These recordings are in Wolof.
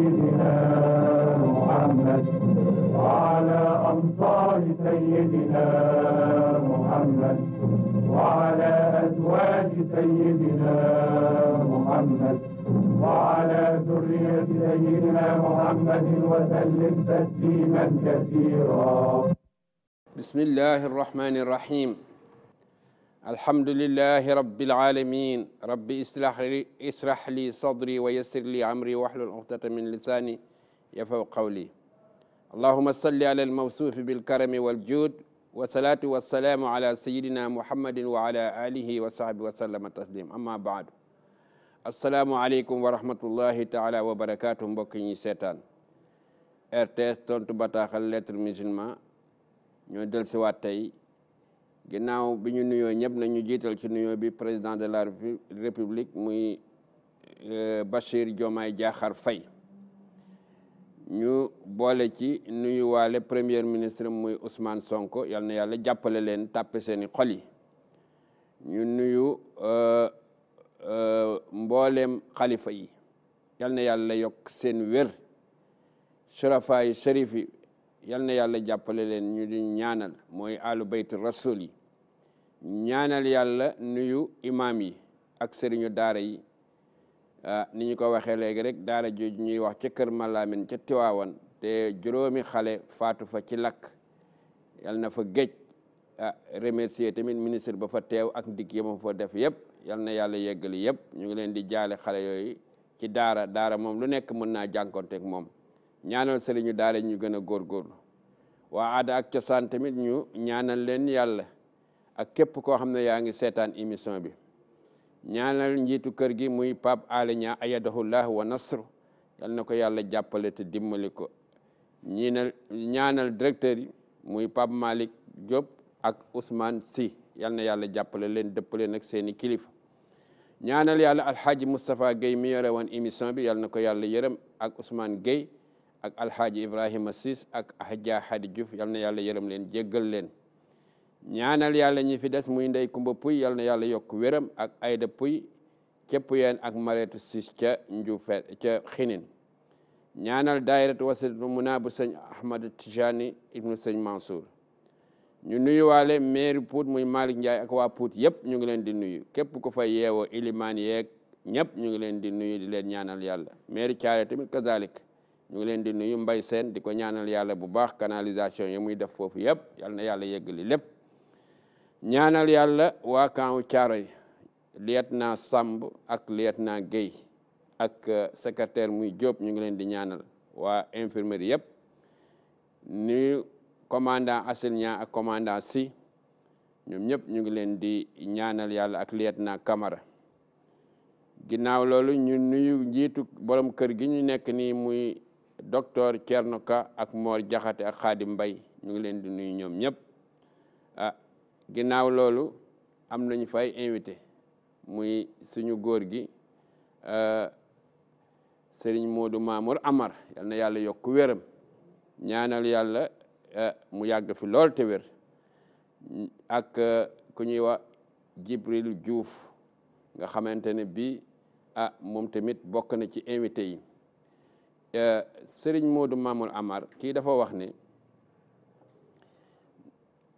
سيدنا محمد وعلى أنصار سيدنا محمد وعلى أزواج سيدنا محمد وعلى ذرية سيدنا محمد وسلم تسليما كثيرا بسم الله الرحمن الرحيم الحمد لله رب العالمين رب اسرح لي, اسرح لي صدري ويسر لي امري واحلل عقدة من لساني يفوق قولي اللهم صل على الموصوف بالكرم والجود والصلاة والسلام على سيدنا محمد وعلى آله وصحبه وسلم تسليم أما بعد السلام عليكم ورحمة الله تعالى وبركاته mbokk ñi seetaan RTS tontu bataaxal lettre musulman ginnaaw bi ñu nuyoo ñëpp ñu jiital ci nuyoo bi président de la république muy euh, Bachir Diomaye Diakhar fay ñu boole ci waale premier ministre muy Ousmane Sonko yal na yàlla jàppale leen tàppe seeni xol yi ñu nuyu euh, euh, mbooleem xalifa yi yal na yàlla yokk seen wér surafa yi sërif yal na yàlla jàppale leen ñu ñaanal mooy alu baytu rasul yi ñaanal yàlla nuyu imaam yi ak sëriñu daara yi ah, ni ñu ko waxee léegi rek daara jooju ñuy wax ca kër Malamine ca Tiwaawan te juróomi xale faatu fa ci lakk yal na fa géej ah remercier tamit ministre ba fa teew ak ndig yama fa def yëpp yal na yàlla yeggali yëpp ñu ngi leen di jaale xale yooyu ci daara daara moom lu nekk mën naa jànkonteeg moom ñaanal sëriñu daara ñu gën a góorgóorlu waa aada ak cosaan tamit ñu ñaanal leen yàlla ak képp koo xam ne yaa ngi seetaan émission bi ñaanal njiitu kër gi muy Pape Alé Niang ayadahullah wa nasr yal na ko yàlla jàppale te dimbali ko ñiinal ñaanal directeur yi muy Pape Malick Diop ak Ousmane si yal na yàlla jàppale leen dëppale nag seeni kilifa ñaanal yàlla alhaaji Moustapha Guèye mi yore woon émission bi yal na ko yàlla yërëm ak Ousmane Guèye ak alhaaji Ibrahima sis ak Adja Hadi Diouf yal na yàlla yërëm leen jéggal leen ñaanal yàlla ñi fi des muy ndey kumba puy yal na yàlla yokk wéram ak ayda puy képp yeen ak mareetu sis ca njuufe ca xinin ñaanal daayiratu wasilatu muna bu sëñ ahmad tijani ibnu sëñ mansour ñu nuyuwaale maire Pout muy Malick Ndiaye ak waa Pout yëpp ñu ngi leen di nuyu képp ku fa yeewoo ilimaan yeeg ñëpp ñu ngi leen di nuyu di leen ñaanal yàlla maire Thiaré tamit kazalik ñu ngi leen di nuyu mbay Sène di ko ñaanal yàlla bu baax canalisation yi muy def foofu yëpp yàlla na yàlla yeggali lépp ñaanal yàlla waa kaaw Caaroy lieutenant Samb ak lieutenant Guèye ak euh, secretaire muy Diop ñu ngi leen di ñaanal waa infirmerie yëpp ni commandant Asselin ak commandant Si ñoom ñëpp ñu ngi leen di ñaanal yàlla ak lieutenant Camara ginnaaw loolu ñu nuyu njiitu borom kër gi ñu nekk nii muy docteur Thierno Ka ak Mor Jaxate ak Xaadim Mbay ñu ngi leen di nuyu ñoom ñëpp ah, ginnaaw loolu am nañu fay invité muy suñu góor gi euh, sëriñ Moodu Mamour Amar na yàlla yokk wéram ñaanal yàlla euh, mu yàgg fi lool te wér ak euh, ku ñuy wax Jibril juuf nga xamante ne bii ah moom tamit bokk na ci invité yi sëriñ Moodu Mamour Amar kii dafa wax ni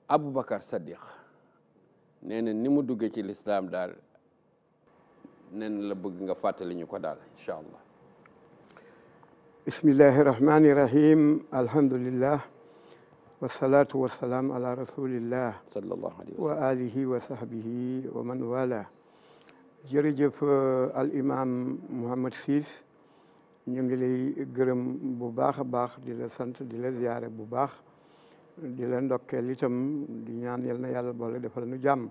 Aboubacar Saddiq nee na ni mu duggee ci lislaam daal nee na la bëgg nga fàttali ñu ko daal incha allah bismillahi rahmani rahim alhamdulillah wasalaatu wasalaam ala rasulillah sallallahu alayhi wa alihi wa sahbihi wa man wala jërëjëf al imam Mouhamed Ciss ñu ngi lay gërëm bu baax a baax di la sant di la ziyaare bu baax di leen ndokkeel itam di ñaan yal na yàlla boole defal nu jàmm.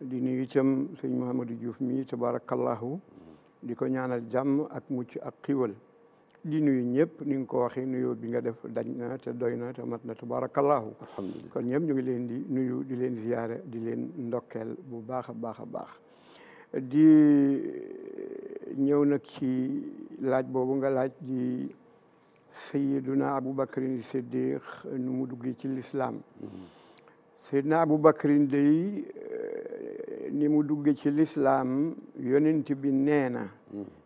di nuyu itam sëñ Mouhamadou juuf mi tabarakallahu di ko ñaanal jàmm ak mucc ak xiwal. di nuyu ñëpp ni nga ko waxee nuyoo bi nga def dañ na te doy na te mat na tabarakallahu alhamdulilah kon ñëpp ñu ngi leen di nuyu di leen ziyaare di leen ndokkeel bu baax a baax a baax. di ñëw nag ci laaj boobu nga laaj di. sayiduna aboubacrin siddiq nu mu duggee ci lislaam sayiduna aboubacrin day eh, ni mu duggee ci lislaam yonent bi nee na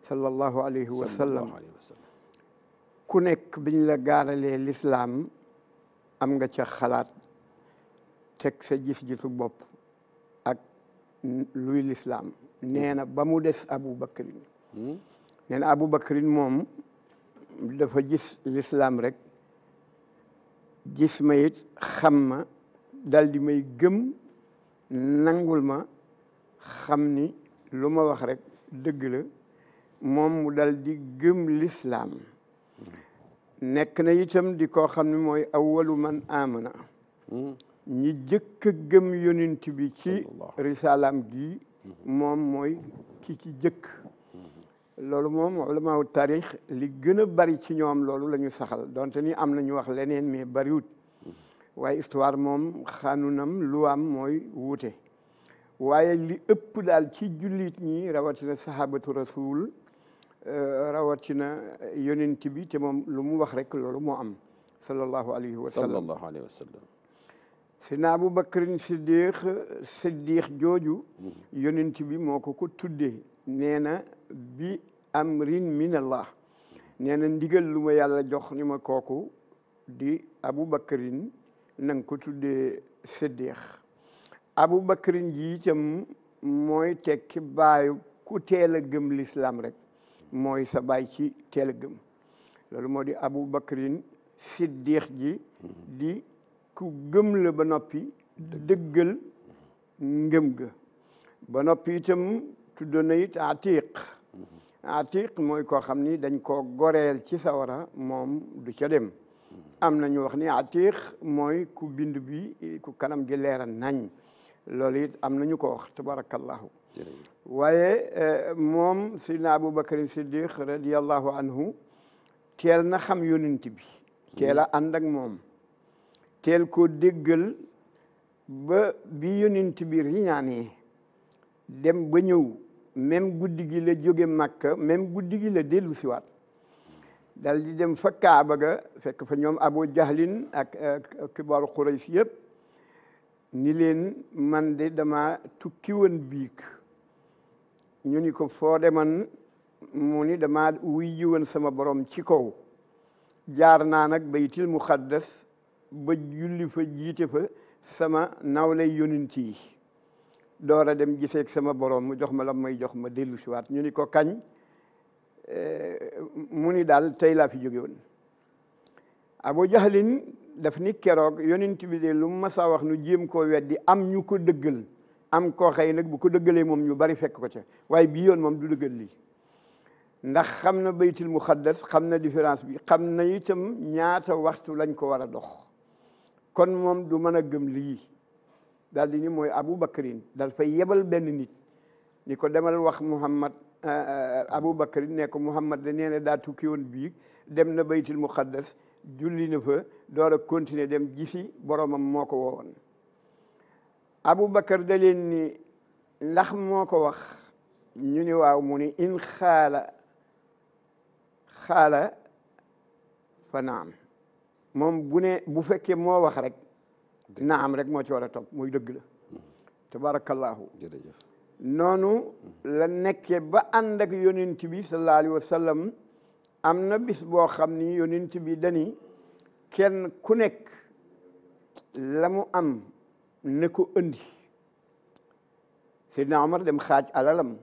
sallallahu alayhi wa sallam ku nekk biñ la gaaralee lislaam am nga ca xalaat teg sa gis bopp ak luy lislaam neena na ba mu des aboubacrin hmm? nee na aboubacrin moom دافا جيس الاسلام رك جيس مايت خم دال دي ماي گم نانگول ما خمني لوما واخ رك دگ لا موم مو دال دي گم الاسلام نك نا يتم دي كو خمني موي اول من امن ني جيك گم يونتي بي رسالام دي موم موي كي كي جيك loolu moom ulamaawu taarix li gën a bari ci ñoom loolu la ñu saxal donte ni am na ñu wax leneen mais bariwut waaye histoire moom xanunam lu am mooy wuute waaye li ëpp daal ci jullit ñi rawatina sahabatu rasul rawatina yonent bi te moom lu mu wax rek loolu moo am sallallahu alayhi wa sallam sallallahu alayhi wa sallam sina Abu Bakrin Siddiq Siddiq jooju yonent bi moo ko ko tuddee nee na bi amrin min allah nee ndigal lu yàlla jox ni ma kooku di abubakarin na nga ko tuddee siddiq abubakarin ji itam mooy tekki baayu ku teel a gëm rek mooy sa baay ci teel a gëm loolu moo di abu abubakarin siddiq ji di ku gëm la ba noppi dëggal ngëm ga ba noppi itam tuddoon na it atiq atiq mooy koo xam ni dañ koo goreel ci sawara moom du ca dem am na ñu wax ni atiq mooy ku bind bi ku kanam gi leera nañ loolu it am na ñu ko wax tabarakallahu waaye moom sidna aboubacar siddiq radiallahu anhu teel na xam yonent bi teel a ànd ak moom teel koo déggal ba bi yonent bi riñaanee dem ba ñëw même guddi gi la jóge Makka même guddi gi la dellu siwaat dal di dem fa Kaaba ga fekk fa ñoom Abu Jahlin ak kibaaru Quraysh yëpp ni leen man de dama tukki woon biig ñu ni ko foo deman mu ni dama wuy ji woon sama borom ci kaw jaar naa nag baytil muqaddas ba julli fa jiite fa sama nawlay yonent yi door a dem giseeg sama borom mu jox ma la may jox ma dellu waat ñu ni ko kañ eh, mu ni daal tey laa fi jóge woon Abu Jahlin def ni keroog yonent bi de lu ma wax nu jéem koo weddi am ñu ko dëggal am koo xëy nag bu ko dëggëlee moom ñu bari fekk ko ca waaye bii yoon moom du dëggal lii ndax xam na baytil muxaddas xam na différence bi xam na itam ñaata waxtu lañ ko war a dox kon moom du mën a gëm lii dal di ni moy abou bakrin dal fay yebal ben nit ni ko demal wax Muhammad bakrin ne ko Muhammad de neena da tukki won bi dem na baytil muqaddas julli na fa door a continuer dem gisi boromam moo ko woowoon Aboubacar da leen ni ndax moko wax ñu ni waaw mu ni in xaala xaala fa naam moom bu ne bu fekkee moo wax rek am rek moo ci war a topp muy dëgg la tabaarakallaahu jërëjëf noonu la nekkee ba ànd ak yonent bi sallallahu alayhi wa sallam am na bis boo xam ni yonent bi dani kenn ku nekk la mu am ne ko ëndi Seydina Omar dem xaaj alalam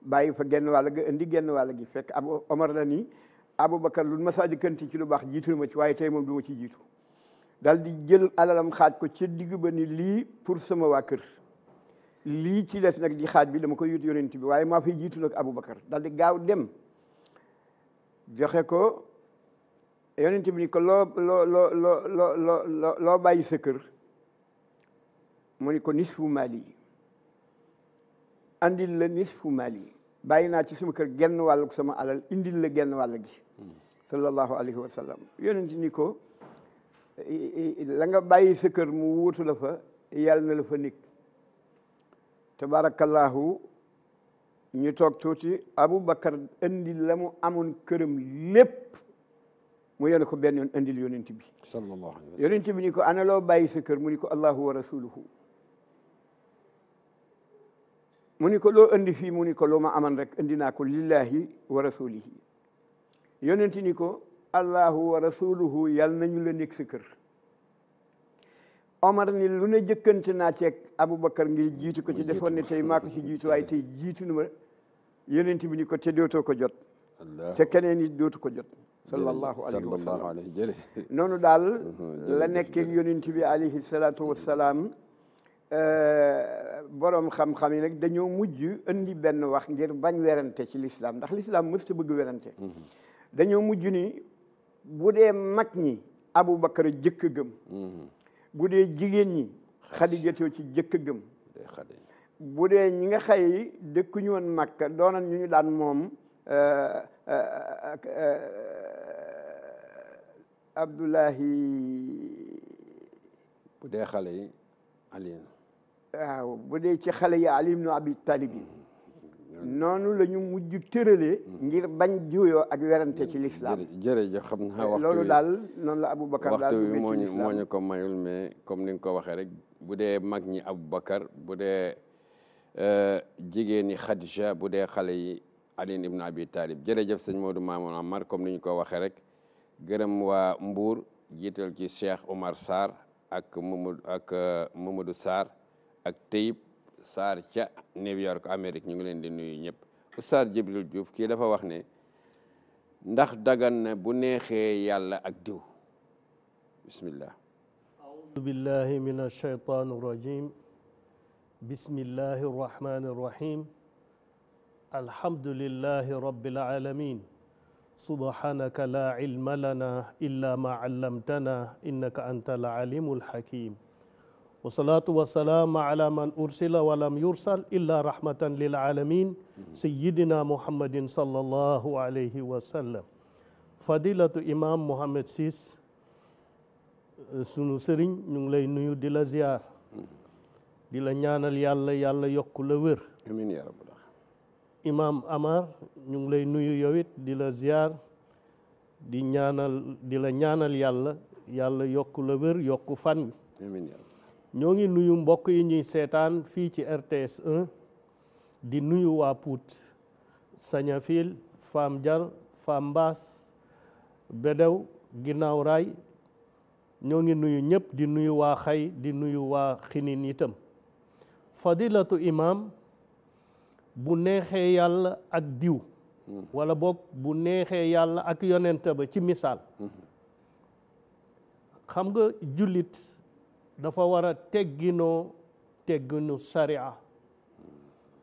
bàyyi fa genn wàll ga indi genn wàll gi fekk Abu Omar la ni Aboubacar lu ma saa jëkkanti ci lu baax jiitu ma ci waaye tey moom du ma ci jiitu dal di jël alalam xaj ko ci digg ba ni li pour sama wa kër li ci dess nak di xaj bi dama ko yut yonent bi waye ma fay jitu nak abou bakkar dal di gaaw dem joxe ko yonent bi ni ko lo lo lo lo lo lo lo bàyyi sa kër mu ni ko nisfu mali andil la nisfu mali bayina ci sama kër genn walu sama alal indil la genn walu gi sallallahu alayhi wa sallam yonent ni ko la nga bàyyi sa kër mu wuutu la fa yàlla na la fa nekk tabaarakallaahu ñu toog tuuti Aboubacar indi la mu amoon këram lépp mu yónni ko benn yoon indil yonent bi. sallallahu alayhi wa sallam yonent bi ni ko ana loo bàyyi sa kër mu ni ko Allahu wa rasuluhu mu ni ko loo indi fii mu ni ko loo ma aman rek indi naa ko lillahi wa rasulihi yonent ni allahu wa rasuluhu yàlla nañu la nekk sa kër omar ni lu ne jëkkante naa ceeg aboubacar ngir jiitu ko ci defoon ne tey maa ci jiitu waaye tey jiitu na yonent bi ni ko te dootoo ko jot te keneen it dootu ko jot sallallahu alayhi wa sallam noonu daal la nekkee yonent bi alayhi salaatu wassalaam ee, boroom xam-xam yi nag dañoo mujj indi benn wax ngir bañ werante ci lislaam ndax lislaam mësta bëgg werante mhm. dañoo mujj ni bu dee mag ñi abu Aboubacar jëkk gëm mhm. bu dee jigéen ñi Xadijatu ci jëkk gëm bu dee ñi nga xay dëkkuñu woon Makka doonan ñu ñu daan moom euh, euh, euh, Abdullahi bu dee xale yi Ali waaw bu dee ci xale yi Ali ibnu Abi Talib mhm. noonu lañu ñu mujj tëralee. ngir bañ juyoo ak werante ci lislaam jërëjëf xam naa waxtu daal noonu la Aboubacar daal waxtu wi moo ñu ko mayul mais comme ni nga ko waxee rek bu dee mag ñi Aboubacar bu dee euh, jigéen ñi Khadija bu dee xale yi Alioune Ibn Abi Talib jërëjëf sëñ Modou Mamoun Amar comme ni ñu ko waxee rek gërëm waa Mbour jiital ci Cheikh Omar Sarr ak Mamadou ak euh, Mamadou Sarr ak Teyib. sar ca New York amerique ñu ngi leen di nuyu ñep oustad Jibril Diouf ki dafa wax ne ndax dagan na bu neexee yàlla ak diw bismillah أعوذ بالله من الشيطان الرجيم بسم الله الرحمن الرحيم الحمد لله رب العالمين سبحانك لا علم لنا إلا ما علمتنا إنك أنت والصلاة والسلام على من أرسل ولم يرسل إلا رحمة للعالمين سيدنا محمد صلى الله عليه وسلم فضيلة إمام محمد سيس سنو سرين نولي نيو دي لزيار دي لنيانا ليالا يالا يوك لور أمين يا رب الله إمام أمار نولي نيو يويت دي لزيار دي نيانا دي لنيانا ليالا لور يوك فن أمين يا رب ñoo ngi nuyu mbokk yi ñuy seetaan fii ci RTS di nuyu waa Pout Sañafil Fam Jar Fam Mbaas Bedew Ginnaaw Raay ñoo ngi nuyu ñëpp di nuyu waa Xay di nuyu waa Xinin itam fadilatu imam bu neexee yàlla ak diw wala boog bu neexee yàlla ak yonent ba ci misaal mm-hmm. xam nga jullit dafa war a tegginoo tegginu sariya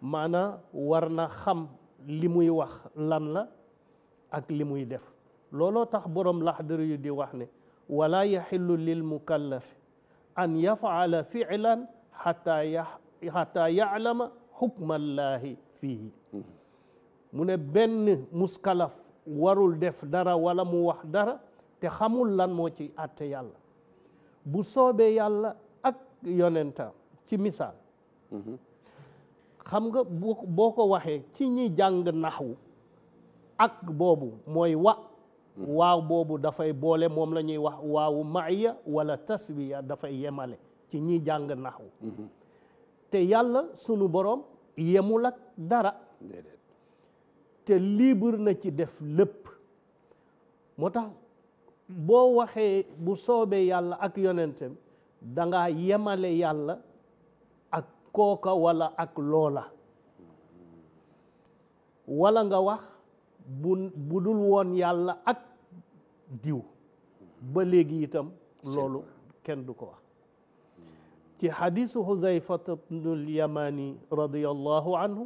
maana war na xam li muy wax lan la ak li muy def looloo tax boroom laxdari yu di wax ne wala yaxillu lil mukallafi an yafaala filan xata ya xata yaalama xukmallaahi fiihi mu ne benn muskalaf warul def dara wala mu wax dara te xamul lan moo ci àtte yàlla bu soobee yàlla ak yonentam ci misaal mm-hmm. xam nga boo ko waxee ci ñi jàng naxwu ak boobu mooy wa mm-hmm. waaw boobu dafay boole moom la ñuy wax waawu maaya wala taswiya dafay yemale ci ñi jàng naxwu mm-hmm. te yàlla sunu boroom yemul ak dara te liibur na ci def lépp moo tax boo waxee bu soobee yàlla ak yonentem danga yemale yàlla ak kooka wala ak loola wala nga wax bu bu dul woon yàlla ak diw ba léegi itam loolu kenn du ko wax ci xadisu xuzayfat bnul yamani radiallahu anhu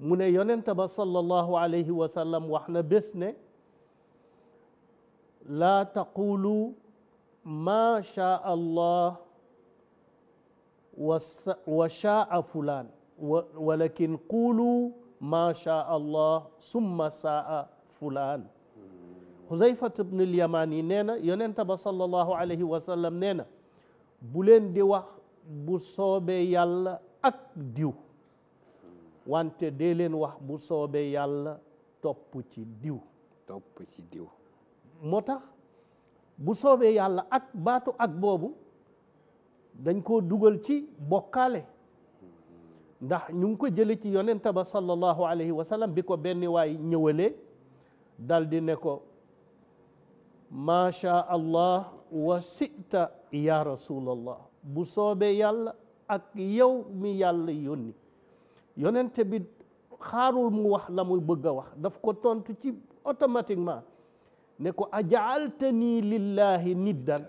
mu ne yonente ba sallallahu alayhi wa sallam wax na bés ne لا تقولوا ما شاء الله وشاء فلان ولكن قولوا ما شاء الله ثم ساء فلان حذيفة بن اليماني نينا ينتبه صلى الله عليه وسلم نينا بولين دي واخ بو صوبي يالا اك ديو وانت ديلين واخ بو صوبي يالا توبو ديو توبو ديو moo tax bu soobee yàlla ak baatu ak boobu dañ koo dugal ci bokkaale ndax ñu ngi ko jële ci yonenta ba sallallahu alayhi wa sallam bi ko benn waay ñëwale dal di ne ko macha allah wa sita ya rasulallah bu soobee yàlla ak yow mi yàlla yónni yonente bi xaarul mu wax la muy bëgg a wax daf ko tontu ci automatiquement ne ko ajaaltanii lillahi niddan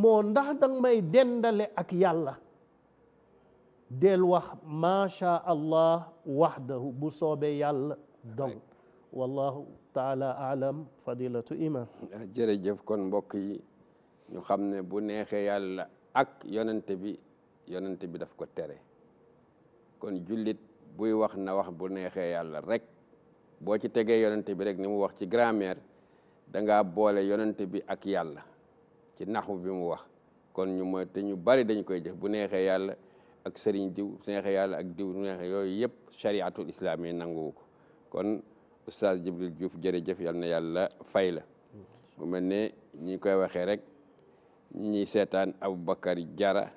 moo ndax danga may dendale ak yàlla del wax macha allah waxdahu bu soobee yàlla donc wallahu taala alam fadilatu imam jërëjëf kon mbokk yi ñu xam ne bu neexee yàlla ak yonente bi yonente bi daf ko tere kon jullit buy wax na wax bu neexee yàlla rek boo ci tegee yonente bi rek ni wax ci grammaire danga boole yonente bi ak yàlla ci naxu bi mu wax kon ñu mooy te ñu bari dañ koy jëf bu neexee yàlla ak sëriñ diw bu neexee yàlla ak diw bu neexee yooyu yëpp chariatul islam yi nanguwu ko kon oustaz Jibril Diouf jërëjëf yal na yàlla fay la bu mel ne ñi koy waxee rek ñi ñuy seetaan Aboubacar Jara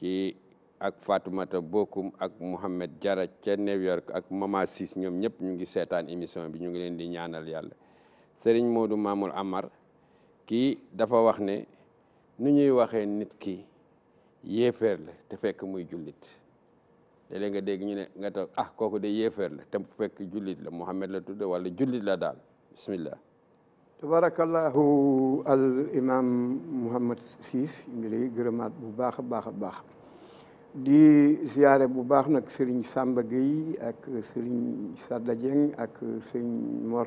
ci ak Fatoumata Bokum ak Mohamed Jara ca New York ak Mama Sis ñoom ñëpp ñu ngi seetaan émission bi ñu ngi leen di ñaanal yàlla sering Modou Mamoul Amar ki dafa wax ne nu ñuy waxe nit ki yéfer la te fekk muy julit léeg nga dégg ñu ne nga tok ah koku de yéfer la te fekk julit la Mouhamed la tudde wala julit la dal, bismillah tabarakallahu al imam Muhammad sis ngi lay bu baax baax baax di ziaré bu baax nak Serigne Samba Gueye ak Serigne sadadjeng ak Serigne Mor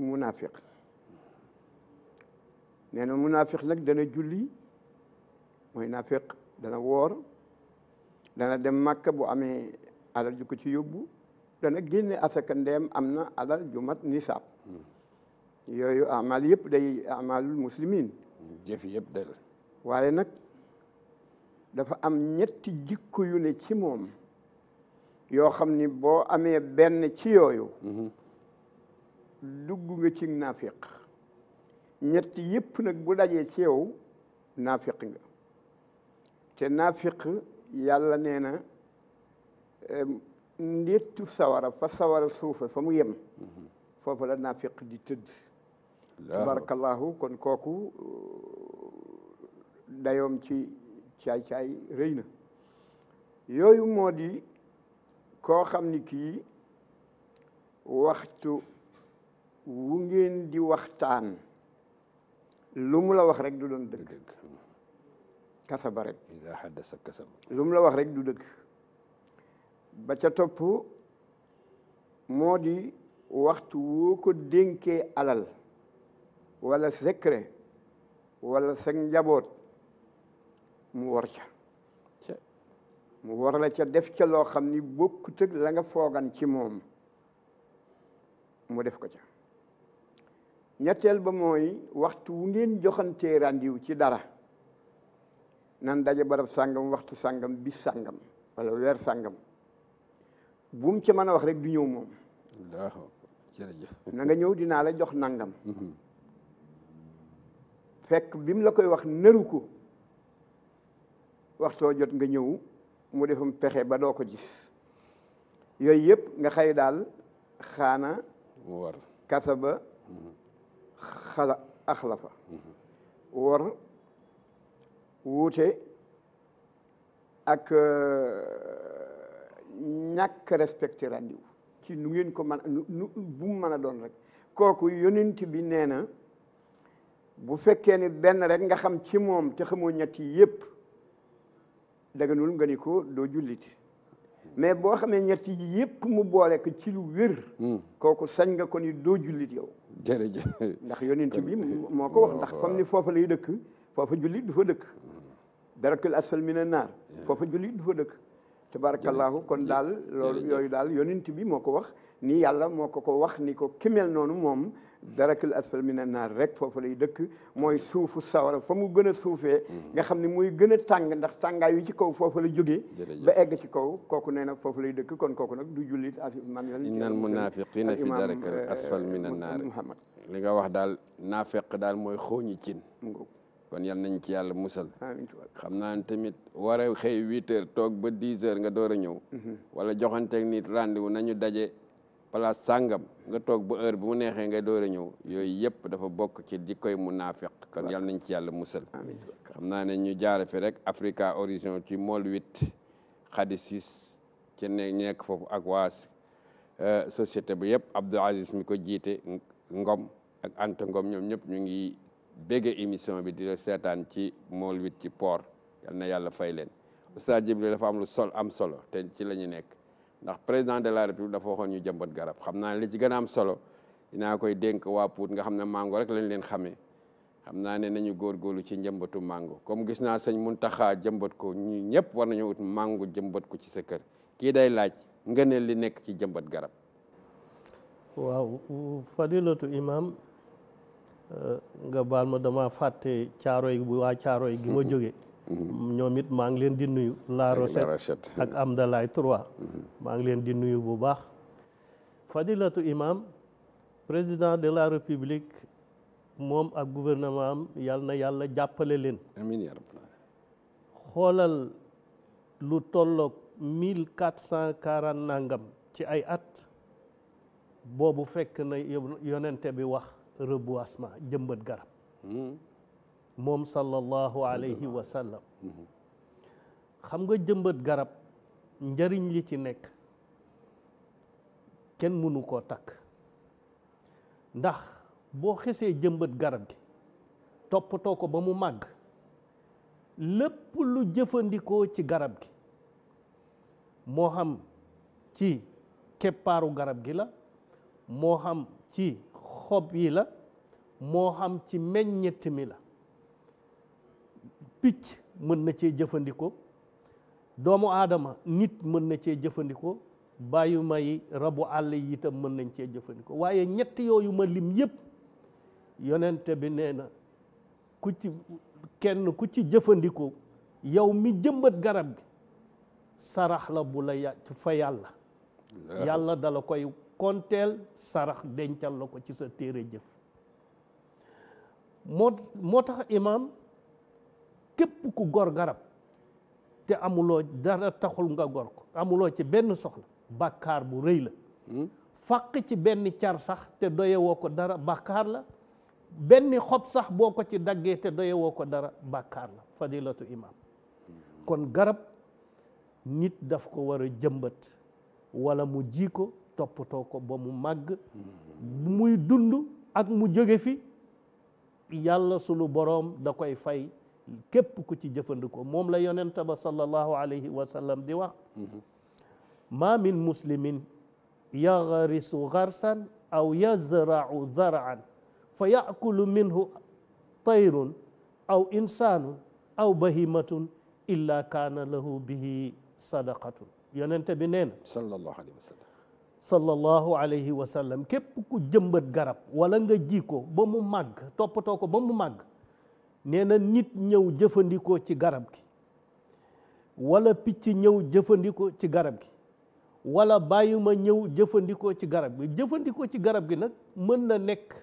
munaafiq nee na munaafiq nag dana julli mooy naafiq dana woor dana dem màkka bu amee alal ju ci yóbbu dana génne asaka ndeem am na alal ju mat nisaab yooyu amal yëpp day amalul muslimin jëf yëpp de waaye nag dafa am ñetti jikko yu ne ci moom yoo xam ni boo amee benn ci yooyu mhm. dugg nga ci naafiq ñett yépp nag bu dajee ci yow naafiq nga te naafiq yàlla nee na ndettu sawara fa sawara suufe fa mu yem mhm. foofu la naafiq di tëdd tabarakallahu kon kooku dayoom ci caay-caay rëy na yooyu moo di xam ni kii waxtu wu ngeen di waxtaan lu mu la wax rekk du doon dëgg kasaba rek ida lu mu la wax rek du dëgg ba ca topp moo di waxtu woo ko dénkee alal wala secret wala sa njaboot mu war ca mu war la ca def ca loo xam ni bokkut ak la nga foogan ci moom mu def ko ca ñetteel ba mooy waxtu wu ngeen joxantee randiw ci dara nan daje barab sàngam waxtu sàngam bi sàngam wala weer sàngam bu mu ci mën a wax rek du ñëw moom na nga ñëw dinaa la jox nangam mhm. fekk bi la koy wax nëru ko waxtoo jot nga ñëw mu defam pexe ba doo ko gis yooyu yëpp nga xay daal xaana kasaba mhm. xala axlafa war wuute ak euh, ñàkk respecté randiw ci nu ngeen ko mën bu mu doon rek kooku yonent bi nee na bu fekkee ni benn rek nga xam ci moom te xamoo ñetti yépp daganul nga ni ko doo jullit mais boo xamee ñett yi yëpp mu boole ko ci lu wér. Hmm. kooku sañ nga kon ni doo jullit yow. jërëjëf ndax yonent bi moo ko wax ndax comme ni foofa lay dëkk foofa jullit du fa dëkk. darakul asfal mina naar hmm. foofa jullit du fa dëkk. tabarakallahu kon daal loolu yooyu daal yonent bi moo ko wax ni yàlla moo ko ko wax ni ko ki noonu moom. darakul asfal mina naar rek foofu lay dëkk mooy suufu sawara fa mu gën a suufee hmm. nga xam ne mooy gën a tàng ndax tàngaay wi ci kaw foofu la jógee ba egg ci kaw kooku nee nag foofu lay dëkk kon kooku nag du jullit asman innal munafiqina fi darakal eh, asfal mina naar muhammad li nga wax daal naafeq daal mooy xooñi cin kon yal nañ ci yàlla musal xam naa ne tamit war xëy huit heures toog ba dix heures nga door a ñëw mm-hmm. wala joxanteeg nit rendez-vous nañu daje place sàngam nga toog ba heure bu mu neexee ngay door a ñëw yooyu yëpp dafa bokk ci di koy munaafiq kon yal nañ ci yàlla musal xam naa ne ñu jaare fi rek Africa Horizon ci mool huit xadi ke ci nekk foofu ak waas euh, société bu yëpp Abdou Aziz mi ko jiite Ngom ak Anta Ngom ñoom ñëpp ñu ngi bégge émission bi di la seetaan ci mool huit ci port yal na yàlla fay leen Oustaz Jibril dafa am lu sol am solo te ci la ñu nekk ndax président de la république dafa waxoon ñu jëmbat garab xam naa li ci gën am solo dinaa koy dénk waa Pout nga xam ne mango rek lañ leen xamee xam naa ne nañu góorgóorlu ci njëmbatu mango comme gis naa sëñ Muntaxa jëmbat ko ñu ñëpp war nañu wut mango jëmbat ko ci sa kër kii day laaj ngëneel li nekk ci jëmbat garab waaw fadilatu imam euh, nga baal ma dama fàtte caaro yi bu waa caaro yi gi ma jóge ñoom it maa ngi leen di nuyu La Rochette ak am Amdalaay 3 maa ngi leen di nuyu bu baax fadilatu imam président de la république moom ak gouvernement am na yàlla jàppale leen amiin xoolal lu tollook mille quatre cent nangam ci ay at boobu fekk na yonente bi wax reboisement jëmbat garab mhm. moom sallallahu alayhi wa sallam xam nga jëmbat garab njariñ li ci nekk kenn mënu koo takk ndax boo xesee jëmbët garab gi toppatoo ko ba mu màgg lépp lu jëfandikoo ci garab gi moo xam ci keppaaru garab gi la moo xam ci xob yi la moo xam ci meññetti mi la picc mën na cee jëfandikoo doomu aadama nit mën na cee jëfandikoo bàyyi may rabu àll yitam mën nañ cee jëfandikoo waaye ñetti yooyu ma lim yépp yonente bi nee na ku ci kenn ku ci jëfandikoo yow mi jëmbat garab bi sarax la bu la yà fa yàlla yàlla dala koy konteel sarax dencal la ko ci sa téere jëf moo moo tax imaam képp ku gor garab te amuloo dara taxul nga gor ko amuloo ci benn soxla bu rëy la hmm? fàq ci benn car sax te doyewoo ko dara bàkkaar la benn xob sax boo ko ci daggee te doyewoo ko dara bàkkaar la fadilatu imam hmm. kon garab nit daf ko war a jëmbat wala mu ji ko toppatoo ko ba mu màgg hmm. muy dund ak mu jóge fi yàlla sulu boroom da koy fay كيب كوتي جفندكو موم لا يونن تبا صلى الله عليه وسلم دي واخ ما من مسلم يغرس غرسا او يزرع زرعا فياكل منه طير او انسان او بهيمه الا كان له به صدقه يونن تبنين صلى الله عليه وسلم صلى الله عليه وسلم كيب كو جمبت غرب ولا نجيكو بومو ماغ توبتوكو بومو ماغ nee na nit ñëw jëfandikoo ci garab gi wala picc ñëw jëfandikoo ci garab gi wala ma ñëw jëfandikoo ci garab gi jëfandikoo ci garab gi nag mën na nekk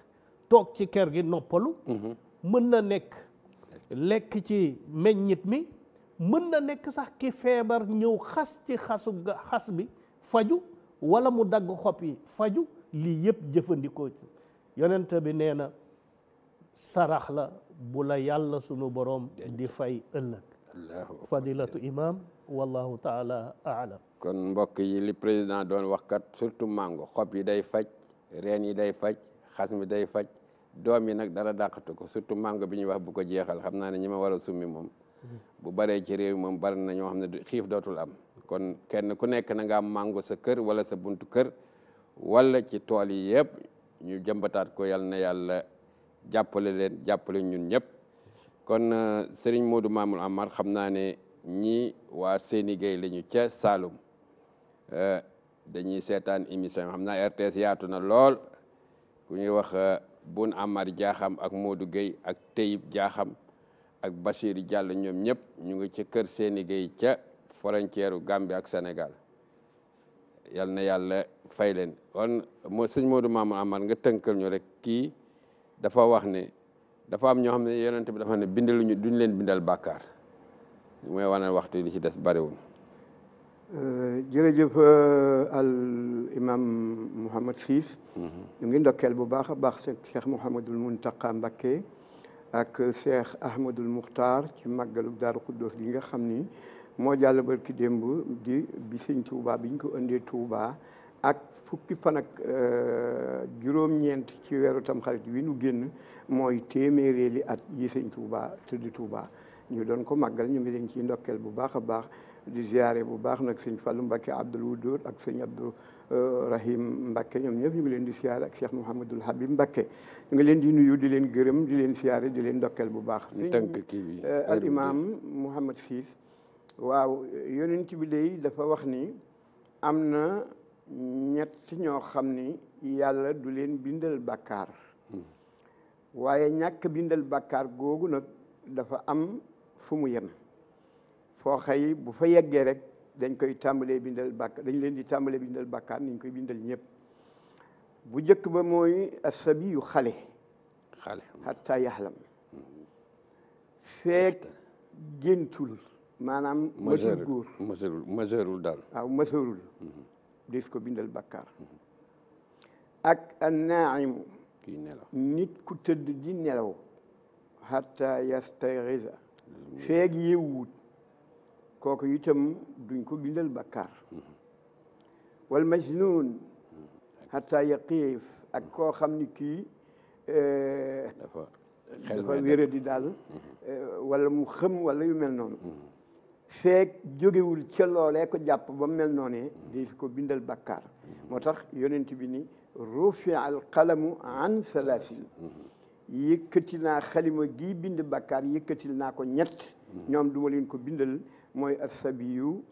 toog ci kër gi noppalu mhm. mën na nekk lekk ci meññit mi mën na nekk sax ki feebar ñëw xas ci xasu xas bi faju wala mu dagg xob faju lii yëpp jëfandikoo ci yonent bi nee na sarax la bu la yàlla sunu borom di fay ëllëg fadilatu imam wallahu taala aalam kon mbokk yi li président doon wax kat surtout mango xob yi day faj reen yi day faj xas mi day faj doom yi nag dara dàqatu ko surtout mango bi ñuy wax bu ko jeexal xam naa ne ñi ma war a summi moom bu baree ci réew moom bari na ñoo xam ne xiif dootul am kon kenn ku nekk na nga am mango sa kër wala sa buntu kër wala ci tool yi yëpp ñu jëmbataat ko yal na yàlla jàppale leen jàppale ñun ñëpp kon euh, sëriñ Modou Mamoul Amar xam naa ne ñii waa seeni la ñu ca Saloum euh, dañuy seetaan émission xam naa RTS yaatu na lool ku ñuy wax euh, Boun Amar Diakham ak Modou Gueye ak Teyib Diakham ak Bachir jàll ñoom ñëpp ñu ngi ca kër Sénigay ca frontière u Gambie ak Sénégal yal na yàlla fay leen kon moo sëñ Modou Mamoul nga tënkal ñu rek dafa wax ne dafa am ñoo xam ne yonent bi dafa ne bindaluñu duñ leen bindal bàkkaar mooy wane waxtu li ci des bariwul. Euh, jërëjëf euh, al imam Mouhamed Ciss. Mm-hmm. ñu ngi ndokkeel bu baax a baax seen cheikh Mouhamadul Muntaqa Mbakke ak cheikh Ahmadul Muxtaar ci màggalu Daaru Xuddoos gi nga xam ni moo jàll barki démb di bi sëñ Touba bi ñu ko indee Touba ak fukki fan ak euh, juróom-ñeent ci weeru tamxarit wi nu génn mooy téeméeréeli at yi sëñ Touba tëdd Touba ñu doon ko màggal ñu ngi leen ciy ndokkeel bu baax a baax di ziare bu baax nag sëñ Fallou Mbacke Abdoul Wudour ak sëñ Abdou euh, Rahim Mbacke ñoom ñëpp ñu ngi leen di ziare ak Cheikh Mouhamadul Habib Mbacke ñu ngi leen di nuyu di leen gërëm di leen ziare di leen ndokkeel bu baax. ñu tënk kii bi euh, al imaam Mouhamad Siis waaw yonent bi dafa wax ni am na. ñett ñoo xam ni yàlla du leen bindal bàkkaar waaye ñàkk bindal bàkkaar googu nag dafa am fu mu yem foo xëy bu fa yeggee rek dañ koy tàmbalee bindal bàkkaar dañ leen di tàmbalee bindal bàkkaar ni koy bindal ñëpp bu njëkk ba mooy asabi yu xale xale xatta yaxlam mm-hmm. feek géntul maanaam mësul góor mësulul mësulul daal waaw mësulul ديسكو بيندال بكار اك الناعم كي نلو نيت كو تد دي نلو حتى يستيغز فيك يوت كوكو يتم دونكو بيندال بكار والمجنون حتى يقيف اك كو خامني كي دافا خيل دافا ويري دي دال ولا مخم ولا يمل نونو feek jógewul ci lolé ko jàpp ba mel noné deesu ko bindal bakkar motax yonent bi ni rufi al qalam an salaasin yëkkatil naa xalima gii bind bakkar yëkkatil naa ko ñet ñom duma len ko bindal mooy asabiyu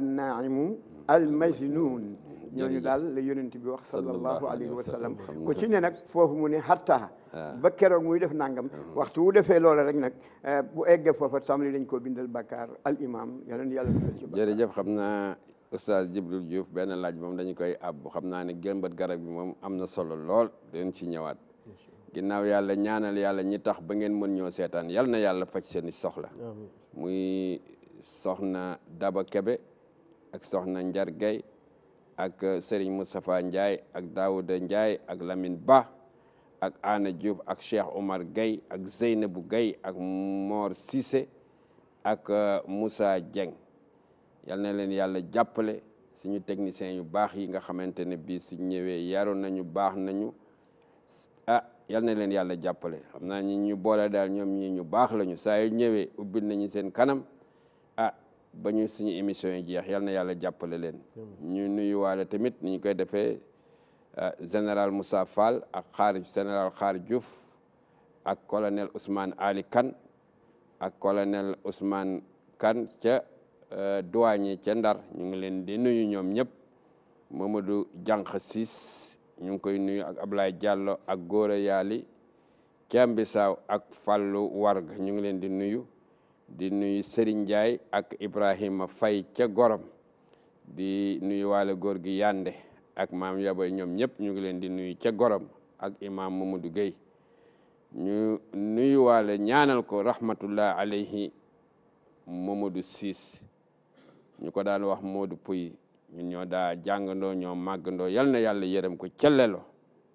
naimu al majnun ñooñu daal la yonent bi wax sallallahu alayhi wa sallam ku ci ne nag foofu mu ne hatta ah. ba keroog muy def nangam uh-huh. waxtu wu defee loola rek nag eh, bu eggee foofa tàmbali dañ koo bindal bakkaar al imam yeneen yàlla ci xam naa Oustaz Djibril Diouf benn laaj moom dañu koy àbb xam naa ne gëmbat garab bi moom am na solo lool dañ ci ñëwaat ginnaaw yàlla ñaanal yàlla ñi tax ba ngeen mën ñoo seetaan yal na yàlla faj seeni i soxla muy soxna Daba Kebe ak soxna Njar Gay ak eh, Serigne Moustapha Ndiaye ak Daouda Ndiaye ak Lamine Ba ak Ana Diouf ak Cheikh Omar gay ak Zeynabou gay ak Mor Cissé ak eh, musa jeng yal na leen yàlla jàppale suñu techniciens yu baax yi nga xamante ne bii su ñëwee yaru nañu baax nañu ah yal na leen yàlla jàppale xam naa ñi ñu boole daal ñoom ñii ñu baax lañu saa yu ñëwee ubbil nañu seen kanam ah ba ñu suñu émission yi jeex yal na yàlla jàppale leen ñu nuyu nuyuwaale tamit ni ñu koy defee euh, général Moussa Fall ak xaar général Xaar Diouf ak colonel Ousmane Ali Kane ak colonel Ousmane Kane ca euh, douane ca Ndar ñu ngi leen di nuyu ñoom ñëpp Mamadou Diankh Ciss ñu ngi koy nuyu ak Ablaye Diallo ak Gora Yali Thiam Bissau ak Fallou Warg ñu ngi leen di nuyu di nuyu Serigne Ndiaye ak Ibrahima fay ca Gorom di nuyu waale góor gi Yande ak maam Yaboy ñoom ñëpp ñu ngi leen di nuyu ca Gorom ak imam Mamadou Gueye ñu nuyu ñaanal ko rahmatullah alayhi Mamadou Siis ñu ko daan wax Modou Puy ñun ñoo daa jàngandoo ñoo màggandoo yal na yàlla yërëm ko ca lelo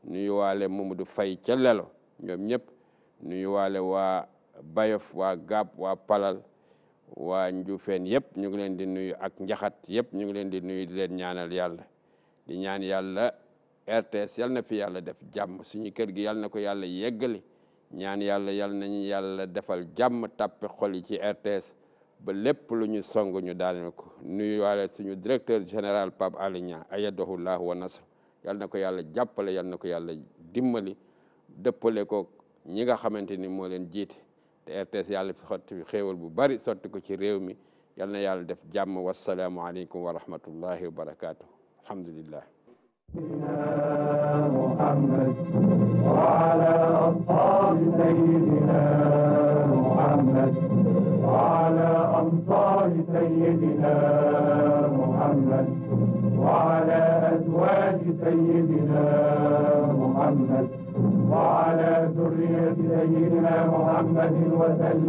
nuyu waale Mamadou ñoom ñëpp nuyu waale Bayof waa Gab waa Palal waa Njuufeen yëpp ñu ngi leen di nuyu ak Njaxat yëpp ñu ngi leen di nuyu di leen ñaanal yàlla di ñaan yàlla RTS yal na fi yàlla def jàmm suñu kër gi yal na ko yàlla yeggali ñaan yàlla yal nañu yàlla defal jàmm tàppe xol yi ci RTS ba lépp lu ñu song ñu daaneel ko nuyu waale suñu directeur général Pape Alé Niang ayadahu llahu wa nasr yal na ko yàlla jàppale yal na ko yàlla dimbali dëppale ko ñi nga xamante ni moo leen jiit RTS يالله في خط في خيول ببارك صوت كشي ريومي يالنا يالله دف جام والسلام عليكم ورحمة الله وبركاته الحمد لله وعلى أصحاب سيدنا محمد وعلى أنصار سيدنا محمد وعلى أزواج سيدنا محمد وعلى ذرية سيدنا محمد وسلم